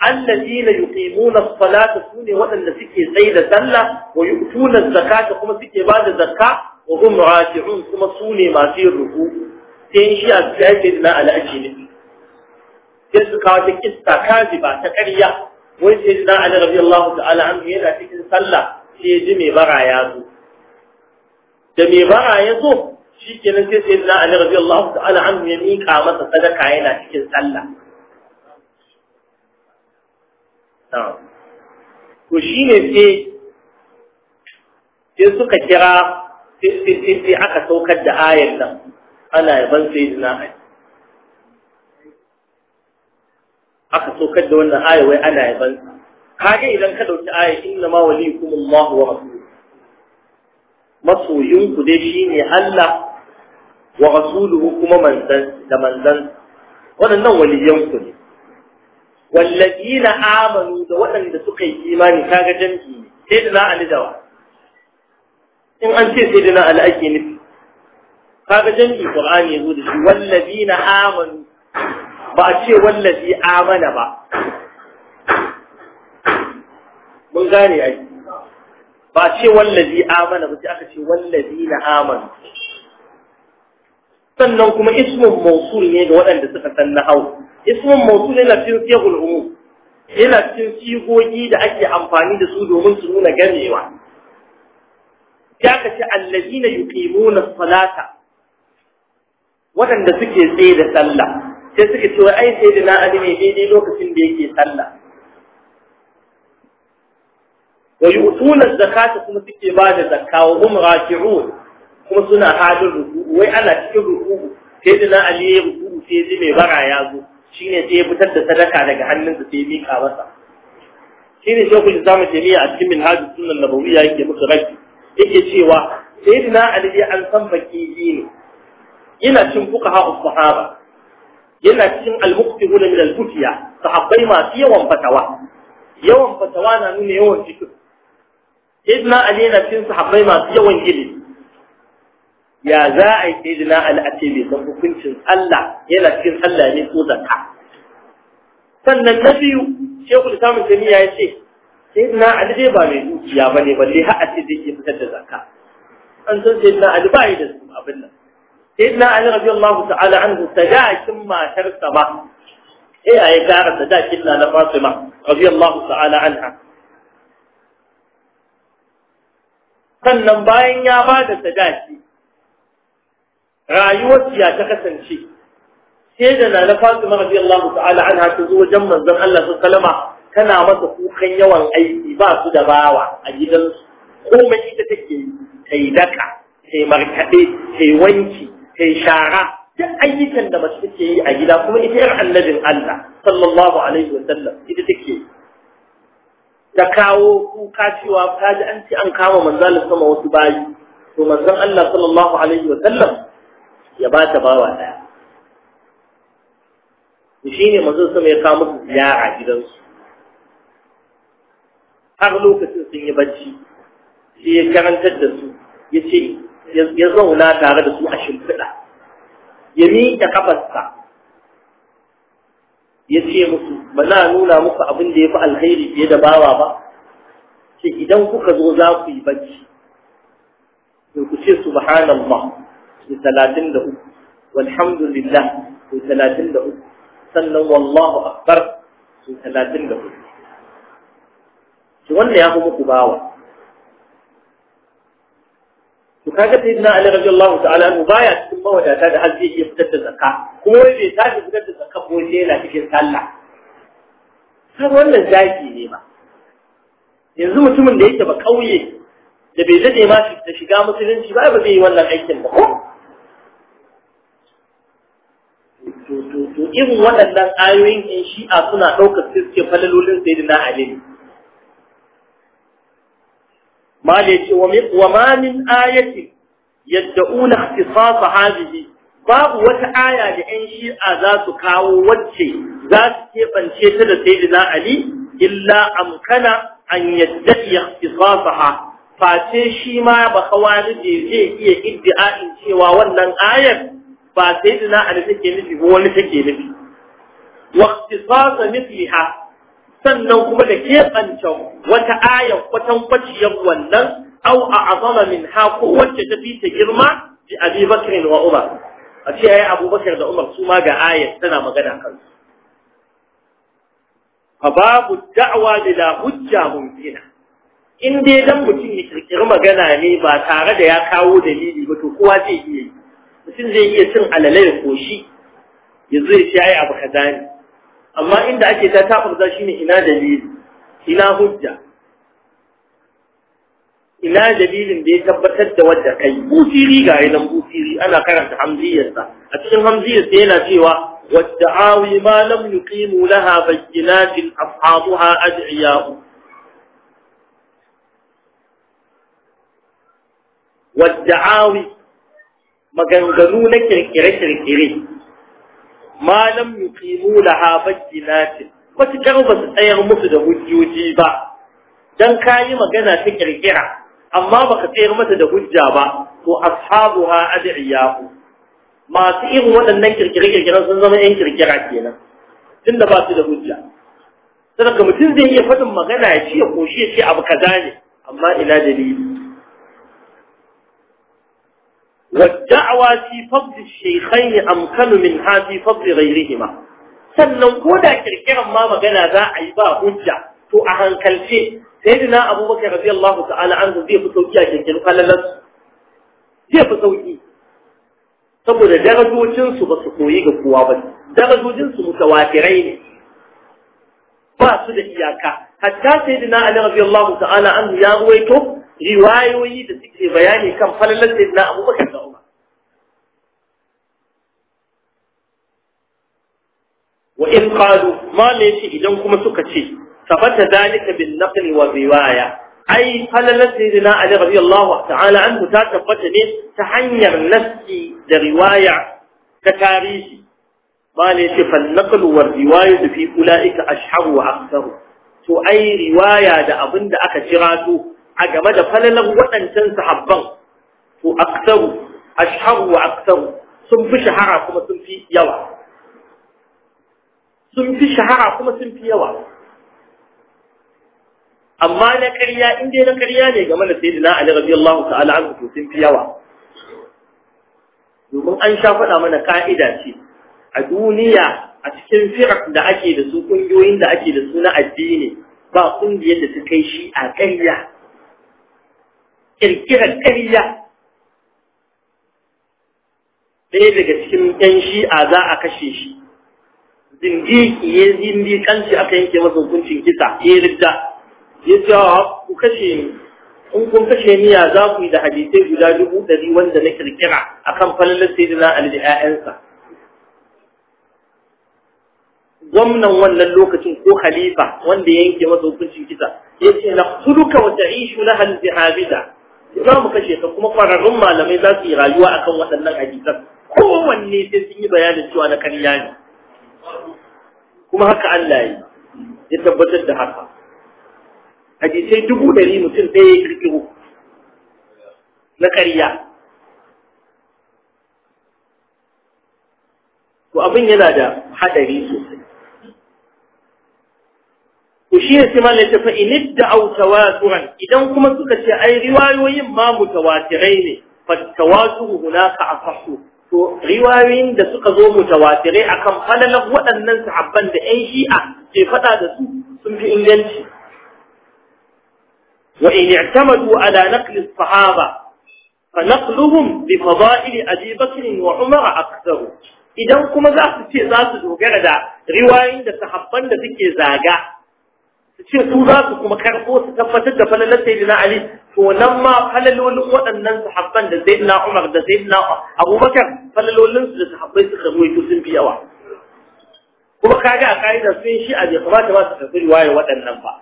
allazina yuqimuna as-salata sune waɗanda suke tsaye da sallah wa yu'tuna zakata kuma suke ba da zakka wa hum raki'un kuma sune masu yin ruku sai shi a cikin na al'aji ne sai su kawo ta kista ba ta ƙarya Wani sai na ali radiyallahu ta'ala anhu yana cikin sallah sai ya ji mai bara ya zo da mai bara ya zo shi kenan sai sai na ali radiyallahu ta'ala anhu ya mika masa sadaka yana cikin sallah to shi ne sai suka kira sai aka saukar da ayar nan ana yaban sai zina ali aka saukar da wannan ayar wai ana yaban kage idan ka dauki ayar inna ma waliyukum Allah wa rasuluhu masoyin ku dai shine Allah wa rasuluhu kuma manzan da manzan waɗannan waliyan ku ne والذين Amanu da waɗanda suka yi imani kaga jami'i ne sai da na ali dawa in an ce sai da na ali ake nufi kaga jami'i qur'ani yazo da shi wallazina amanu ba a ce wallazi amana ba mun gane ai ba a ce wallazi amana ba sai aka ce wallazina amanu sannan kuma ismin mausul ne ga waɗanda suka san na hau ismun mausul yana cikin siyahul umum yana cikin sigogi da ake amfani da su domin su nuna ganewa ya kace allazina yuqimuna salata waɗanda suke tsaye da sallah sai suka ce ai sai da na ali ne daidai lokacin da yake sallah wa yu'tuna zakata kuma suke ba da zakka wa hum raki'un kuma suna halin ruku'u wai ana cikin ruku'u sai dina ali ya ruku'u sai ya ji mai bara ya zo shine sai ya fitar da sadaka daga hannunsa sai ya mika masa shine shi kullum zamu jami'a a cikin minhajus sunnah nabawiyya yake musu raki yake cewa sayyidina ali an san baki ne yana cin fuqaha sahaba yana cikin al-muqtihuna min al-futiya sahabbai masu yawan fatawa yawan fatawa na nuna yawan cikin sayyidina ali yana cikin sahabbai masu yawan gilimi ya za a yi sayyidina ali a ce bai san hukuncin Allah yana cikin Allah ne ko zaka. sannan na biyu da samun jami'a ya ce sayyidina ali dai ba mai dukiya ba ne balle ha a ce zai iya fitar da zaka. an san sayyidina ali ba yi da su abin nan sayyidina ali radiyallahu ta'ala anhu sadakin matarsa ba eh ayi kara sadakin na Fatima ala an ha. sannan bayan ya ba da sadaki rayuwar ya ta kasance sai da nana Fatima radiyallahu ta'ala anha ta zo wajen manzon Allah sallallahu alaihi wasallama tana masa kukan yawan aiki ba su da bawa a gidansu komai ita take yi kai daka kai markade kai wanki kai shara duk ayyukan da mace take yi a gida kuma ita yar annabin Allah sallallahu alaihi wa sallam, ita take ta kawo kuka cewa ta ji an ce an kama manzalin sama wasu bayi to manzon Allah sallallahu alaihi wa sallam. ya ba ta bawa ɗaya shi ne mazan sama ya kawo musu ziyara gidansu har lokacin sun yi bacci sai ya karantar da su ya ce ya zauna tare da su a shimfiɗa ya miƙe kafasta, ya ce musu ba na nuna muku abin da ya fi alheri fiye da bawa ba ce idan kuka zo za ku yi bacci ku ce subhanallah da talatin da uku walhamdulillah da talatin da uku sannan wallahu akbar da talatin da uku to wannan ya fi muku bawa to kaga sai na ali radiyallahu ta'ala anhu baya cikin mawadata da har zai iya fitar da zakka kuma wai bai tashi fitar da zakka ko sai yana cikin sallah har wannan zaki ne ba yanzu mutumin da yake ba kauye da bai dade ma da shiga musulunci ba ba zai yi wannan aikin ba ko Yin waɗannan ayoyin in shi'a suna ɗaukar suke falalolin sai da na'ali ne. Ma da yake wa ma min ayatin yadda una fisafa hajiji babu wata aya da ‘yan shi’a za su kawo wacce za su keɓance ta da sai da Ali, illa amkana an yadda ya fisafa ha, face shi ma ba kawani zai iya iddia in cewa wannan ayar ba sai dina ali take nufi ko wani take nufi wa ikhtisasa mithliha sannan kuma da keɓance wata aya kwatan kwaciyar wannan au a azama min ha ko wacce ta fi ta girma bi abi bakr wa umar a ce yayi abubakar da umar su ma ga aya tana magana kansu fa babu da'wa bila hujja mumkina in dai dan mutum ya kirkiri magana ne ba tare da ya kawo dalili ba to kowa zai iya mutum zai iya cin alalai ya koshi ya zo ya shayi abu kaza ne amma inda ake ta shi ne ina dalili ina hujja ina dalilin da ya tabbatar da wadda kai busiri ga nan busiri ana karanta hamziyarsa a cikin hamziyarsa yana cewa والدعاوي ما لم يقيموا لها بينات أصحابها Wadda a'wi. maganganu na kirkire-kirkire malam yuqimu laha bayyinatin wata kar ba su tsayar musu da hujjoji ba dan kayi magana ta kirkira amma baka tsayar mata da hujja ba to ashabuha adiyahu masu irin waɗannan kirkire-kirkire sun zama yan kirkira kenan tunda ba su da hujja saboda mutum zai iya faɗin magana ya ce ya shi ya ce abu kaza ne amma ina dalili والدعوة في فضل الشيخين أمكن منها في فضل غيرهما sannan ko da kirkiran ma magana za a yi ba hujja to a hankalce sai dina abubakar radiyallahu ta'ala an zai fi sauki a kirkiru falalar zai fi sauki saboda darajojin su ba su koyi ga kowa ba Darajojin darajojinsu mutawatirai ne ba su da iyaka hatta sai dina ali radiyallahu ta'ala an ya ruwaito riwayoyi da suke bayani kan falalar da na abubakar da umar wa in qalu ma ne shi idan kuma suka ce sabata dalika bin naql wa riwaya ai falalar da na ali radiyallahu ta'ala anhu ta tabbata ne ta hanyar nassi da riwaya ta tarihi ma ne shi fal naql wa riwaya fi ulaika ashharu wa aktharu to ai riwaya da da aka jira to a game da falalan waɗancan sahabban to aksaru ashharu wa aksaru sun fi shahara kuma sun fi yawa sun fi shahara kuma sun fi yawa amma na ƙarya in dai na ƙarya ne game da sayyidina Ali radiyallahu ta'ala anhu to sun fi yawa domin an sha faɗa mana ka'ida ce a duniya a cikin firak da ake da su ƙungiyoyin da ake da su na addini ba ƙungiyar da ta kai shi a ƙarya kirkirar ƙarya ɗaya daga cikin shi shi'a za a kashe shi zindiki ya zindiƙanci aka yanke masa hukuncin kisa ya ridda ya ce ku kashe ni in kun kashe ni ya za ku yi da hadisai guda dubu ɗari wanda na kirkira akan falalar sai dina da 'ya'yansa gwamnan wannan lokacin ko khalifa wanda ya yanke masa hukuncin kisa ya ce na kuluka wata ishu na halzi za mu kashe ka kuma kwararrun malamai za su yi rayuwa a kan waɗannan hadisan kowanne sai sun yi bayanin cewa na karya ne kuma haka Allah yi ya tabbatar da haka hadisai dubu ɗari mutum ɗaya ya kirkiro na karya to abin yana da haɗari sosai to shi ne sai malai tafi da au tawaturan idan kuma suka ce ai riwayoyin ma mutawatirai ne fa ka a afahu to riwayoyin da suka zo mutawatirai akan falalar waɗannan sahabban da ƴan shi'a ke faɗa da su sun fi inganci wa in i'tamadu ala naqli sahaba fa naqluhum bi fada'il abi bakr wa umar aktharu idan kuma za su ce za su dogara da riwayoyin da sahabban da suke zaga ce su za su kuma karɓo su tabbatar da falalar sayyidina Ali to nan ma falalolin waɗannan sahabban da sayyidina Umar da sayyidina Abubakar falalolin su da sahabbai suka ruwaito sun fi yawa kuma kaga a ka'idar sun shi a bai kamata ba su karɓi waye waɗannan ba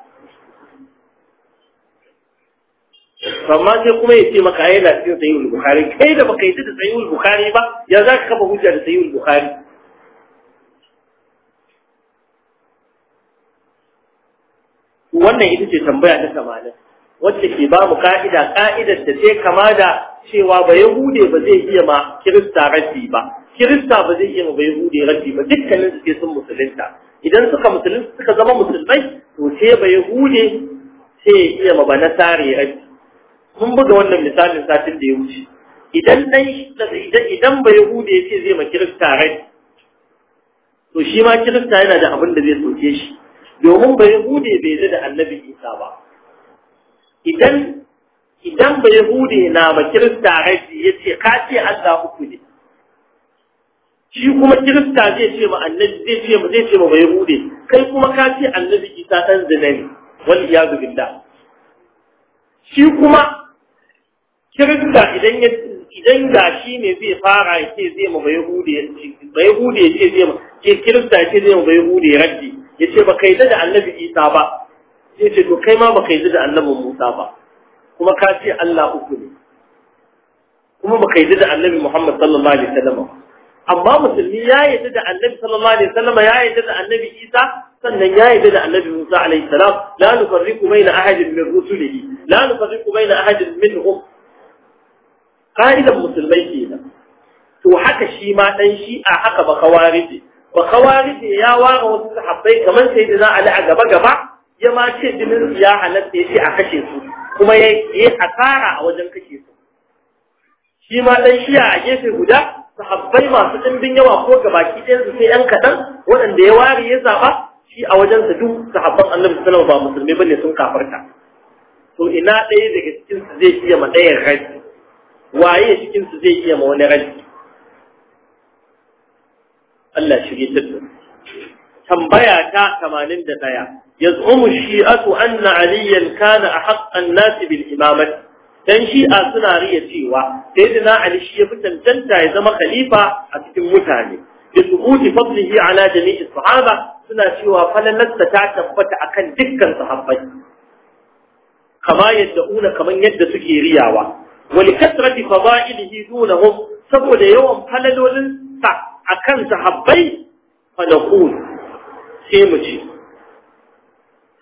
amma sai kuma ya ce maka yana cikin sayyidul Bukhari kai da baka yi da sayyidul Bukhari ba ya za ka kafa hujja da sayyidul Bukhari wannan ita ce tambaya ta samanin wacce ke ba mu ka'ida ka'idar da sai kama da cewa ba yahude ba zai iya ma kirista rafi ba kirista ba zai iya ma ba yahude rafi ba dukkanin suke sun musulunta idan suka musulunta suka zama musulmai to sai ba yahude sai iya ma ba tsari rafi mun buga wannan misalin satin da ya wuce idan dan idan ba yahude ya ce zai ma kirista rafi to shi ma kirista yana da abin da zai soke shi domin bai hude bai da annabi isa ba idan idan bai hude na ma kirista raji ya ce ka ce allah uku ne shi kuma kirista zai ce ma annabi zai ce ma zai ce ma bai hude kai kuma ka ce annabi isa ɗan zina ne wal iyazu billah shi kuma kirista idan ya idan ga shi ne zai fara ya ce zai ma bai hude ya ce zai ma ke kirista ya ce zai ma bai hude raddi yace baka yi da annabi Isa ba yace to kai ma baka yi da annabi Musa ba kuma ka ce Allah uku ne kuma baka yi da annabi Muhammad sallallahu alaihi wasallam amma musulmi ya yi da annabi sallallahu alaihi wasallam ya yi da annabi Isa sannan ya yi da annabi Musa alaihi salam la nufarriqu baina ahadin min rusulihi la nufarriqu baina ahadin minhum ka'idan musulmai kenan to haka shi ma dan a haka ba kawarije ba ya ware wasu sahabbai kamar sai da za a a gaba gaba ya ma ce jinin su ya halatta ya ce a kashe su kuma ya yi asara a wajen kashe su shi ma dan shiya a gefe guda sahabbai masu ɗimbin yawa ko gabaki ɗayan su sai yan kaɗan waɗanda ya ware ya zaɓa shi a wajensa duk sahabban annabi sallallahu ba musulmi bane sun kafarta to ina ɗaya daga cikin su zai iya ma ɗayan rai waye cikin su zai iya ma wani rai Allah shirye ta tambaya ta 81 yaz'umu shi'atu anna aliyan kana a nas bil imamati dan shi'a suna riya cewa na ali shi ya fi tantanta ya zama khalifa a cikin mutane bi subuti fadlihi ala jami'i sahaba suna cewa falalasta ta tabbata akan dukkan sahabbai kama yadda una kaman yadda suke riyawa wa li kasrati fadailihi dunahum saboda yawan falalolin sa akan sahabbai fa naqul sai mu ce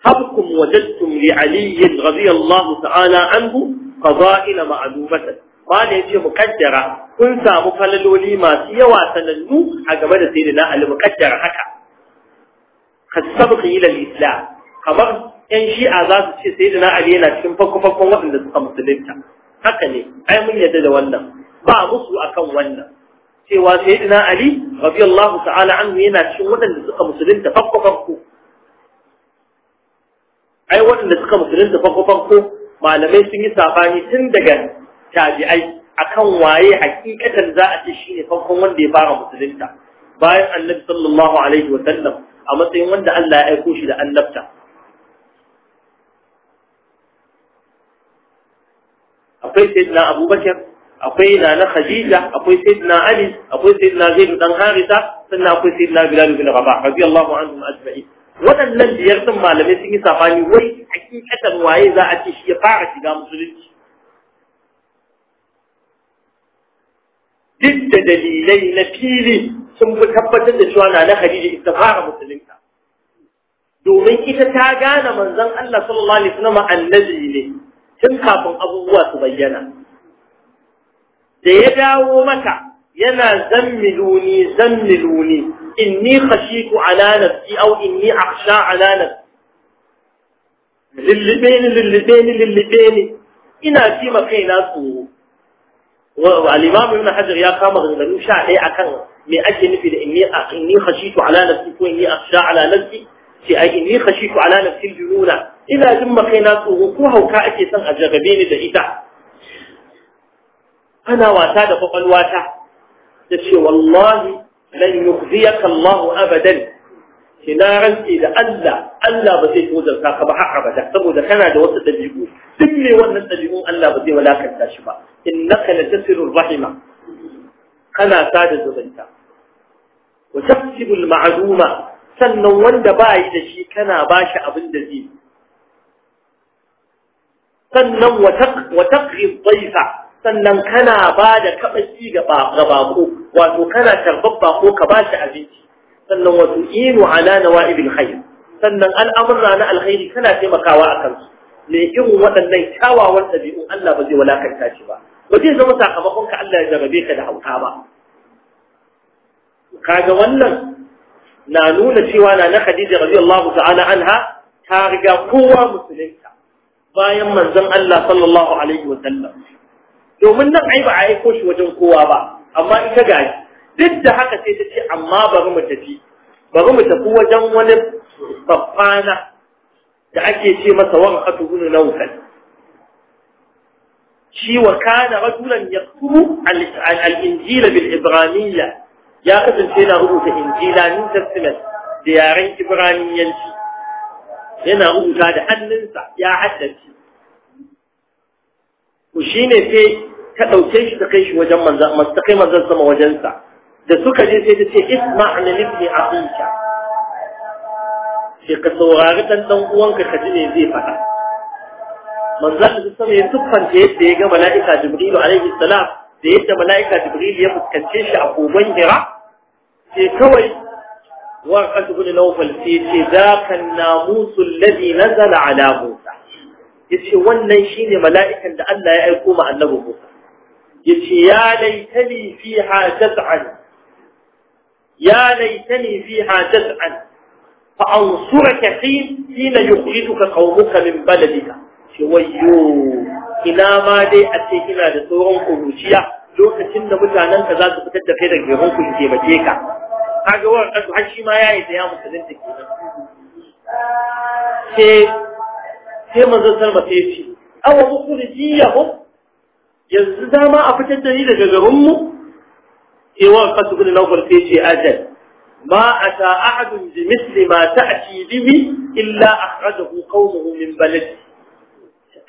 habkum wajadtum li ali radiyallahu ta'ala anhu qada'ila ma'lumatan wanda ya ce mukaddara kun samu falaloli masu yawa sanannu a game da sai na al-mukaddara haka kasabqi ila islam kamar yan shi'a za su ce sayyidina ali yana cikin fakko waɗanda suka musulunta haka ne ai mun yadda da wannan ba musu akan wannan cewa sayyidina ali radiyallahu ta'ala anhu yana cikin waɗanda suka musulunta farko farko ai waɗanda suka musulunta farko farko malamai sun yi sabani tun daga tabi'ai akan waye hakikatan za a ce ne farkon wanda ya fara musulunta bayan annabi sallallahu alaihi wa sallam a matsayin wanda Allah ya aiko shi da annabta akwai sayyidina abubakar akwai na khadija akwai sayyidina ali akwai sayyidina zaid dan harisa sannan akwai sayyidina bilal bin rabah radiyallahu anhum ajma'in waɗannan biyar din malamai sun yi sabani wai hakikatan waye za a ce shi ya fara shiga musulunci duk da dalilai na fili sun fi tabbatar da cewa nana khadija ita fara musulunta domin ita ta gane manzon Allah sallallahu alaihi wasallam annabi ne tun kafin abubuwa su bayyana da ya dawo maka yana zammiluni zammiluni inni khashitu ala nafsi aw inni akhsha ala nafsi lillibeni lillibeni lillibeni ina ci ma kaina tsoro al-imam ibn hajar ya kama ganganu sha ɗaya akan me ake nufi da inni inni khashitu ala nafsi ko inni akhsha ala nafsi ce ai inni khashitu ala nafsi al ina jin ma kaina tsoro ko hauka ake son a jagabe ni da ita ana wasa da kwakwalwata ya ce wallahi lan yukhziyaka Allah abadan ki na rantsi da Allah Allah ba zai tozarta ka ba har abada saboda kana da wasu dabi'u duk me wannan dabi'un Allah ba zai walakanta shi ba innaka latasilu rahima kana sada zumunta wa tahsibu al-ma'luma sannan wanda ba yi da shi kana bashi abin da zai sannan wa taqri dhayfa sannan kana ba da kaɓaci ga bako wato kana karɓar bako ka ba shi abinci sannan wato inu ala ibin khair sannan al'amurra na alhairi kana taimakawa a kansu me irin waɗannan kyawawan ɗabi'un Allah ba zai walakanta shi ba ba zai zama sakamakon ka Allah ya ka da hauka ba kaga wannan na nuna cewa na na Khadija radiyallahu ta'ala anha ta riga kowa musulunta bayan manzon Allah sallallahu alaihi wa sallam domin nan ai ba a aiko shi wajen kowa ba amma ita gaji duk da haka sai ta ce amma bari mu tafi bari mu tafi wajen wani babbana da ake ce masa warqatu na nawfal shi wa kana rajulan yaktubu al-injil bil ibraniyya ya kasance yana rubuta injila new testament da yaren ibraniyanci yana rubuta da hannunsa ya haddace shi ne sai ka dauke shi ta kai shi wajen manzan masu ta kai manzan sama wajensa da suka je sai ta ce isma na nufi a kunka sai ka saurari dan dan uwanka ka ji ne zai faɗa manzan da sama ya siffanta yadda ya ga mala'ika jibrilu alaihi salam da yadda mala'ika jibrilu ya fuskance shi a kogon hira sai kawai وقد بن نوفل في ذاك الناموس الذي نزل على موسى yace wannan shine mala'ikan da Allah ya aiko ma annabi Musa yace ya laitani fiha taz'an ya laitani fiha taz'an fa ansuraka hina yukhrijuka qaumuka min baladika ce wayyo ina ma dai a ce kina da tsoron kuruciya lokacin da mutanen ka za su fitar da kai daga gaban ku ke bace ka kaga wannan har shi ma yayi da ya musulunta kenan sai sai manzon salma sai ce awa mukhrijiyahum yanzu dama a fitar da ni daga garin mu sai eh, wa fasu bin nawfal sai ce ajal ma ata ahadun bi misli ma ta'ti bihi illa hukau da min balaji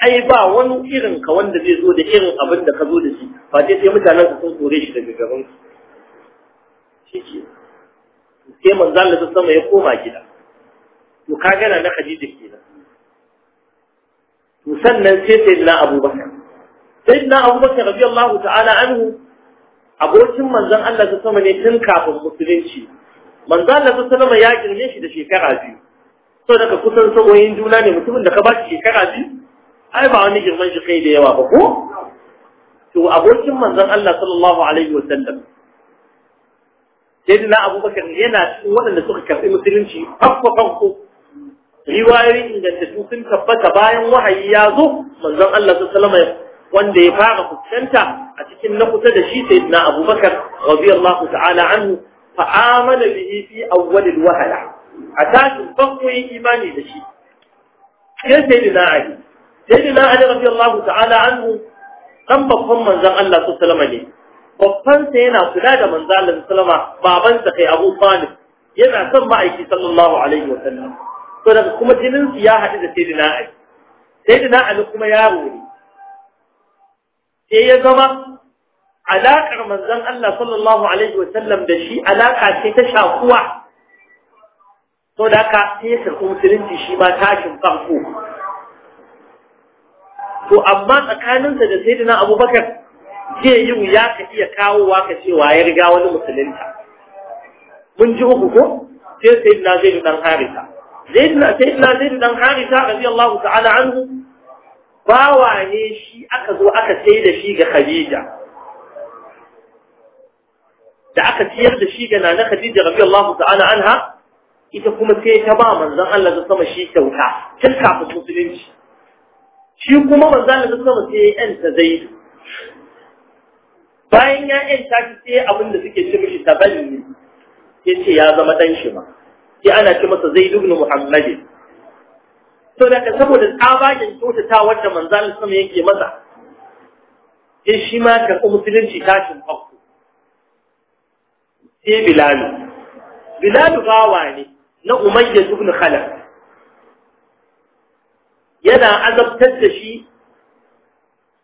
ai ba wani irin ka wanda zai zo da irin abin da ka zo da shi ba sai mutanen su sun kore shi daga garin su shike sai manzon Allah sama ya koma gida to ka gana na Khadija ke sannan sai sayyidina abubakar sayyidina abubakar rabi radiyallahu ta'ala anhu abokin manzon Allah ta sama ne tun kafin musulunci manzon Allah ta sama ya girme shi da shekara biyu so daga kusan saboyin juna ne mutumin da ka ba shi shekara biyu ai ba wani girman shi kai da yawa ba ko to abokin manzon Allah sallallahu alaihi wa sallam sayyidina abubakar yana cikin waɗanda suka karɓi musulunci farko farko riwayoyi ingantattu sun tabbata bayan wahayi ya zo manzon Allah sallallahu alaihi wanda ya fara kuskanta a cikin na kusa da shi sayyidina Abubakar radiyallahu ta'ala anhu fa amana bihi fi awwal al-wahala a tashin farko yi imani da shi sai sayyidina Ali sayyidina Ali radiyallahu ta'ala anhu dan babban manzon Allah sallallahu alaihi ne babban yana kula da manzon Allah sallallahu alaihi baban sa kai Abu Talib yana son ma'aiki sallallahu alaihi wa sallam to daga kuma jinin su ya haɗu da sayyidina ali sayyidina ali kuma yaro ne sai ya zama alaƙar manzon Allah sallallahu alaihi wa sallam da shi alaƙa ce ta shakuwa to da haka sai ya musulunci shi ma tashin farko to amma tsakaninsa da saidina abubakar zai yi wuya ka iya kawowa ka ce wa ya riga wani musulunta mun ji uku ko sai sayyidina zai dan harisa zaidina zaidina zaidina dan harisa radiyallahu ta'ala anhu bawa ne shi aka zo aka sai da shi ga khadija da aka siyar da shi ga nana khadija radiyallahu ta'ala anha ita kuma sai ta ba manzon Allah da sama shi kyauta tun kafin musulunci shi kuma manzon Allah da sama sai ya yanta zaidu bayan ya yanta shi sai abin da suke ce mishi taballi ce ya zama dan shi ma sai ana ce masa zai ibn muhammad to da ka saboda tsabagen kyautata wanda manzalin sama yake masa sai shi ma karɓi musulunci tashin farko sai bilalu bilalu bawa ne na umayya ibn khalaf yana azabtar da shi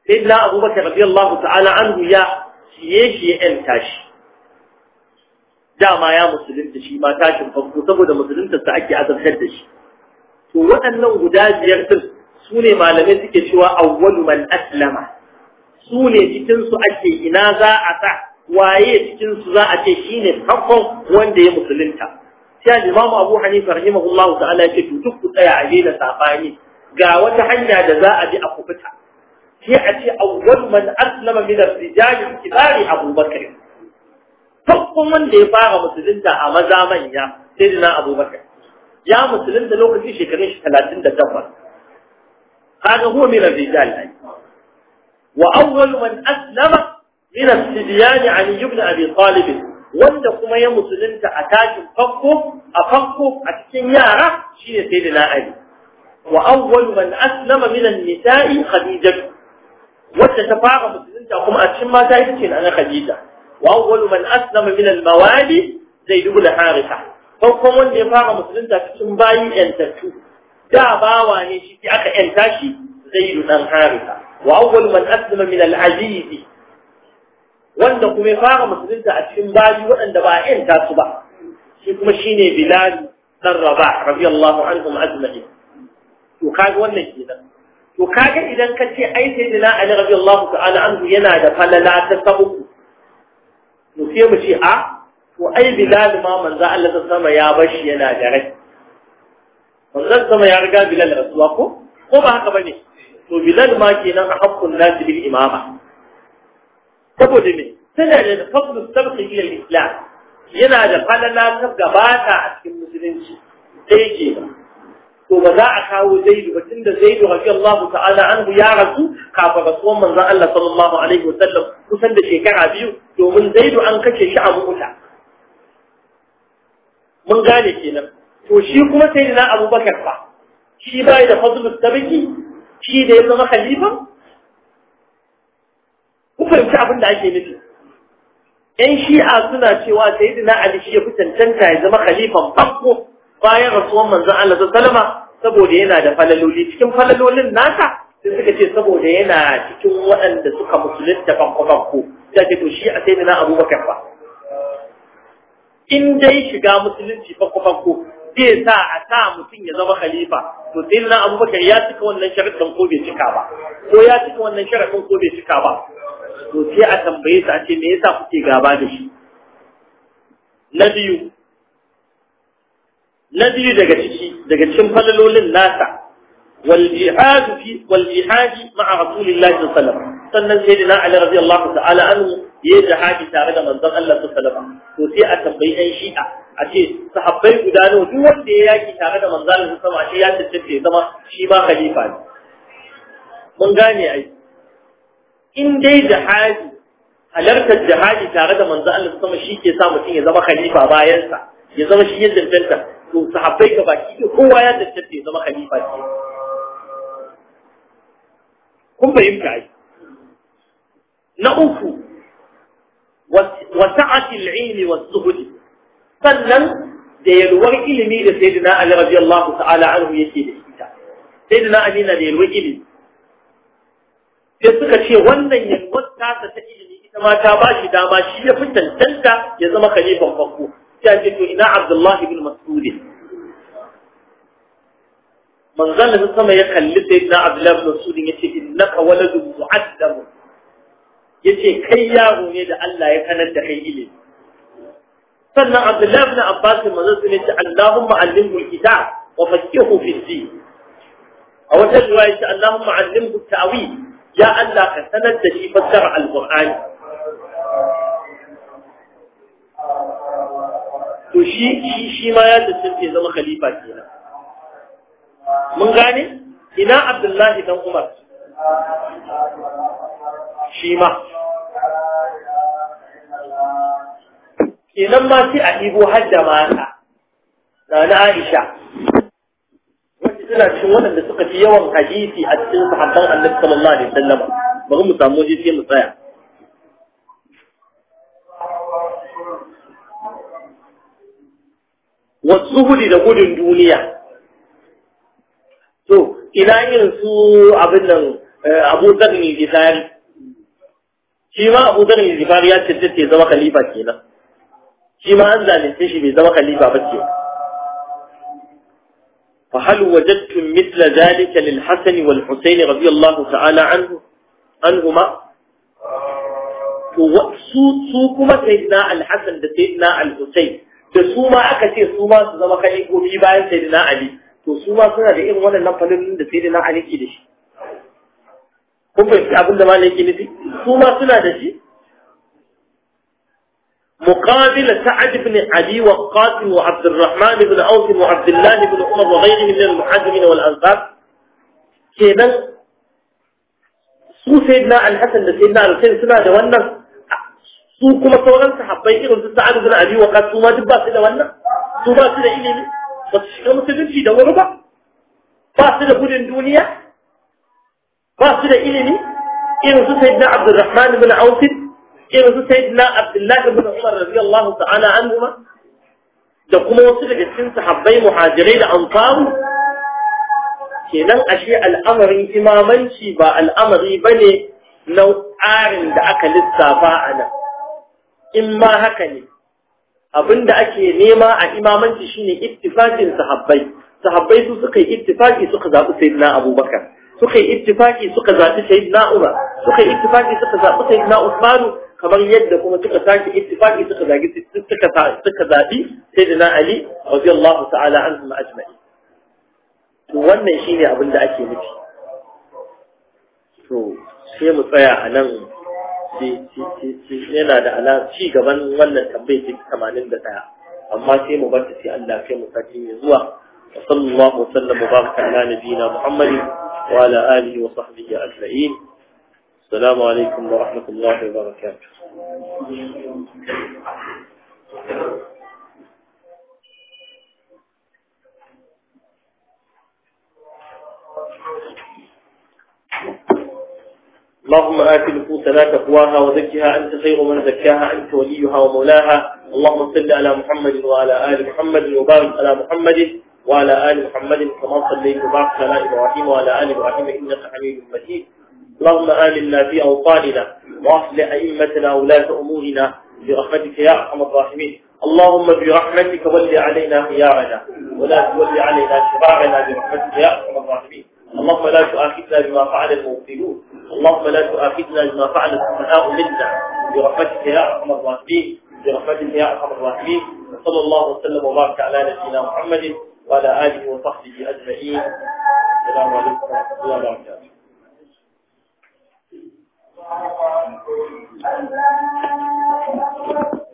sai na abubakar radiyallahu ta'ala anhu ya ciye shi ya yanta shi dama ya musulunta shi ma tashin farko saboda musulunta sa ake azabtar da shi to waɗannan guda biyar din su ne malamai suke cewa awwalu man aslama su ne cikin su ake ina za a sa waye cikin su za a ce shine farkon wanda ya musulunta sai Imam Abu Hanifa rahimahullahu ta'ala ya duk ku tsaya a da safani ga wata hanya da za a bi a kufuta sai a ce awwal man aslama min ar-rijal kibari farkon wanda ya fara musulunta a maza manya sai dina abubakar ya musulunta lokacin shekarun shi talatin da takwas kaga huwa min rijal ai wa awwal man aslama min as-sibyan ali ibn abi talib wanda kuma ya musulunta a takin farko a farko a cikin yara shine dina ali wa awwal man aslama min an-nisa'i khadijah wacce ta fara musulunta kuma a cikin mata ita ce na khadija وأول من أسلم من الموالي زيد بن حارثة فكم من يفاق مسلم تكتم باي أن دا باواني شكي أكا أن تاشي زيد بن حارثة وأول من أسلم من العزيز wanda kuma ya fara musulunta a cikin bayi waɗanda ba a ‘yanta su ba, shi kuma shi ne Bilal ɗan Raba, rabi Allah an kuma azumari. To, kaga wannan kenan. To, kaga idan ka ce ai sai Ali rabi Allah yana da falala ta sai mu ce a to ai bilal ma manzo Allah ta sama ya bashi yana da rai manzo sama ya riga bilal rasuwa ko ko ba haka bane to bilal ma kenan a hakkun nasi bil imama saboda me tana da fadlu sabqi ila islam yana da falala ta gabata a cikin musulunci sai ke ba to ba za a kawo zaidu ba tunda zaidu radiyallahu ta'ala anhu ya rasu kafin rasuwan manzan Allah sallallahu alaihi wasallam kusan da shekara biyu domin zaidu an kace shi a mu'uta mun gane kenan to shi kuma sai na abubakar ba? shi bai da fadlu tabiki shi da ya zama khalifa ku fahimci abin da ake nufi yan shi'a suna cewa sayyidina ali shi ya fi cancanta ya zama khalifan farko bayan rasuwan manzon Allah salama saboda yana da falaloli cikin falalolin nasa sai suka ce saboda yana cikin waɗanda suka musulunta banko-banko ta ce to shi a sai na abubakar ba in dai shiga musulunci banko-banko zai sa a sa mutum ya zama khalifa to sai na abubakar ya cika wannan sharaɗin ko bai cika ba ko ya cika wannan sharaɗin ko bai cika ba to sai a tambaye su a ce me yasa kuke gaba da shi na biyu na biyu daga ciki daga cikin falalolin nasa wal jihad fi wal jihad ma'a rasulillahi sallallahu alaihi wasallam sannan sayyidina ali radiyallahu ta'ala anhu yayi jihadi tare da manzon Allah sallallahu alaihi wasallam a tambayi ɗan shi'a a ce sahabbai guda nawa duk wanda ya yaki tare da manzon Allah sallallahu alaihi wasallam ya zama shi ma khalifa ne mun gane ai in dai jihadi halartar jihadi tare da manzo Allah sama shi ke sa mutum ya zama khalifa bayansa ya zama shi ya to sahabbai ga baki da kowa ya tantance zama khalifa ce kun fahimta ai na uku wa sa'ati al-ilmi was-suhud sannan da yalwar ilimi da sayyidina Ali radiyallahu ta'ala anhu yake da ita sayyidina Ali na da yalwar ilimi sai suka ce wannan yalwar ta ta ilimi ita ma ta ba shi dama shi ya fi tantanta ya zama khalifan farko sai to ina Abdullah ibn Mas'ud manzon da sama ya kalli sai na Abdullah ibn Mas'ud yace innaka waladun mu'addam yace kai yaro ne da Allah ya kanar da kai ilimi sannan Abdullah ibn Abbas manzon sai yace Allahumma allimhu al-kitab wa faqihu fi din a wata riwaya yace Allahumma allimhu at-ta'wil ya Allah ka sanar da shi fassara al-Qur'ani to shi shi shi ma ya tantance zama khalifa kenan mun gane ina abdullahi dan umar shi ma kenan ma sai a ɗigo har da mata na na aisha wacce tana cikin waɗanda suka fi yawan hadisi a cikin sahabban annabi sallallahu alaihi wasallam bari mu samu waje sai mu tsaya والزهد da gudun duniya to ina yin su abin nan eh, Abu Dharr ne Gifari shi ma Abu Dharr ne Gifari ya cancanta ya zama khalifa kenan shi ma an zalunce shi bai zama khalifa ba ke fa hal wajadtum mithla zalika lil Hasan wal Husayn radiyallahu ta'ala anhu anhuma to su su kuma sayyidina al-Hasan da sayyidina al-Husayn da su ma aka ce su ma su zama kalifofi bayan sayyidina ali to su ma suna da irin wannan falilin da sayyidina ali ke da shi kun fahimci abin da malai ke nufi su ma suna da shi مقابل سعد بن علي وقاص وعبد الرحمن بن عوف وعبد Umar wa عمر وغيرهم من المهاجرين والانصار كيدن su sayyidina al-hasan da sayyidina al-husayn suna da wannan su kuma sauran sahabbai irin su sa'ad ibn abi waqas su ma duk ba su da wannan su ba su da ilimi ba su shiga musulunci da wuri ba ba su da gudun duniya ba su da ilimi irin su sayyidina abdurrahman ibn auf irin su sayyidina abdullahi ibn umar radiyallahu ta'ala anhuma da kuma wasu daga cikin sahabbai muhajirai da ansaru kenan ashe al'amarin imamanci ba al'amari bane na tsarin da aka lissafa a nan in ma haka ne abinda ake nema a imamanci shine ittifaqin sahabbai sahabbai su suka yi ittifaqi suka zabi sayyidina abubakar suka yi ittifaqi suka zabi sayyidina umar suka yi ittifaqi suka zabi sayyidina usman kamar yadda kuma suka saki ittifaqi suka zagi suka suka zabi sayyidina ali radiyallahu ta'ala anhum ajma'in to wannan shine abinda ake nufi to sai mu tsaya a nan yana da ala ci gaban wannan tambayi ta tamanin da daya amma sai mu barta sai Allah kai mu sati mai zuwa wa sallallahu wa sallam wa baraka ala nabiyina muhammadin wa ala alihi wa sahbihi ajma'in assalamu alaikum wa rahmatullahi wa barakatuh اللهم آت نفوسنا تقواها وزكها أنت خير من زكاها أنت وليها ومولاها اللهم صل على محمد وعلى آل محمد وبارك على محمد وعلى آل محمد كما صليت وبارك على إبراهيم وعلى آل إبراهيم إنك حميد مجيد اللهم آمنا في أوطاننا وأصلح أئمتنا ولاة أمورنا برحمتك يا أرحم الراحمين اللهم برحمتك ول علينا خيارنا ولا تول علينا شرارنا برحمتك يا أرحم الراحمين اللهم لا تؤاخذنا بما فعل المبطلون اللهم لا تؤاخذنا بما فعل السماء منا برحمتك يا ارحم الراحمين برحمتك يا ارحم الراحمين وصلى الله وسلم وبارك على نبينا محمد وعلى اله وصحبه اجمعين السلام عليكم ورحمه الله وبركاته Thank you.